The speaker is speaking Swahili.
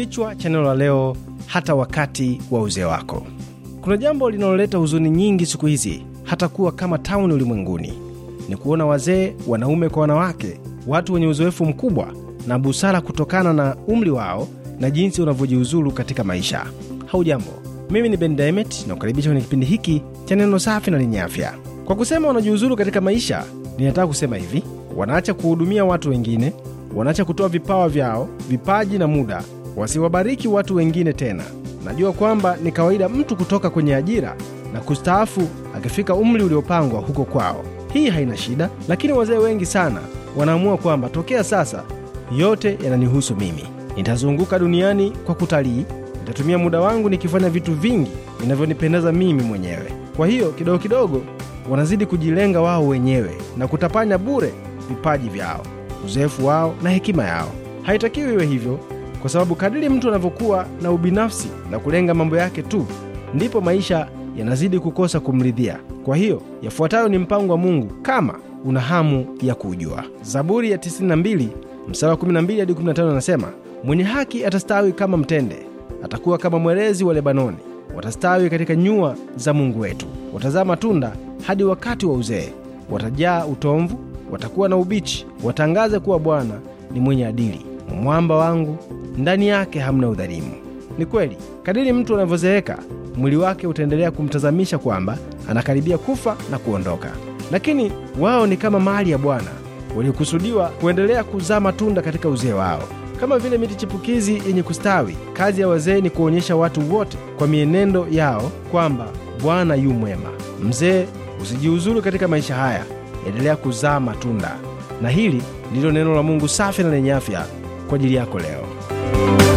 Kichwa cha neno la leo, hata wakati wa uzee wako. Kuna jambo linaloleta huzuni nyingi siku hizi, hata kuwa kama tauni ulimwenguni, ni kuona wazee, wanaume kwa wanawake, watu wenye uzoefu mkubwa na busara kutokana na umri wao na jinsi unavyojiuzulu katika maisha. Haujambo, mimi ni Ben Diamond na kukaribisha kwenye kipindi hiki cha neno safi na lenye afya. Kwa kusema wanajiuzulu katika maisha, ninataka kusema hivi: wanaacha kuhudumia watu wengine, wanaacha kutoa vipawa vyao, vipaji na muda wasiwabariki watu wengine tena. Najua kwamba ni kawaida mtu kutoka kwenye ajira na kustaafu akifika umri uliopangwa huko kwao. Hii haina shida, lakini wazee wengi sana wanaamua kwamba tokea sasa yote yananihusu mimi. Nitazunguka duniani kwa kutalii, nitatumia muda wangu nikifanya vitu vingi vinavyonipendeza mimi mwenyewe. Kwa hiyo kidogo kidogo wanazidi kujilenga wao wenyewe na kutapanya bure vipaji vyao, uzoefu wao na hekima yao. Haitakiwi iwe hivyo kwa sababu kadiri mtu anavyokuwa na ubinafsi na kulenga mambo yake tu, ndipo maisha yanazidi kukosa kumridhia. Kwa hiyo yafuatayo ni mpango wa Mungu kama una hamu ya kuujua. Zaburi ya 92 mstari wa 12 hadi 15 anasema, mwenye haki atastawi kama mtende, atakuwa kama mwerezi wa Lebanoni. Watastawi katika nyua za Mungu wetu, watazaa matunda hadi wakati wa uzee, watajaa utomvu, watakuwa na ubichi, watangaze kuwa Bwana ni mwenye adili. Mwamba wangu ndani yake hamna udhalimu. Ni kweli, kadiri mtu anavyozeeka mwili wake utaendelea kumtazamisha kwamba anakaribia kufa na kuondoka, lakini wao ni kama mali ya Bwana waliokusudiwa kuendelea kuzaa matunda katika uzee wao, kama vile miti chipukizi yenye kustawi. Kazi ya wazee ni kuonyesha watu wote kwa mienendo yao kwamba Bwana yu mwema. Mzee, usijiuzulu katika maisha haya, endelea kuzaa matunda. Na hili ndilo neno la Mungu safi na lenye afya kwa ajili yako leo.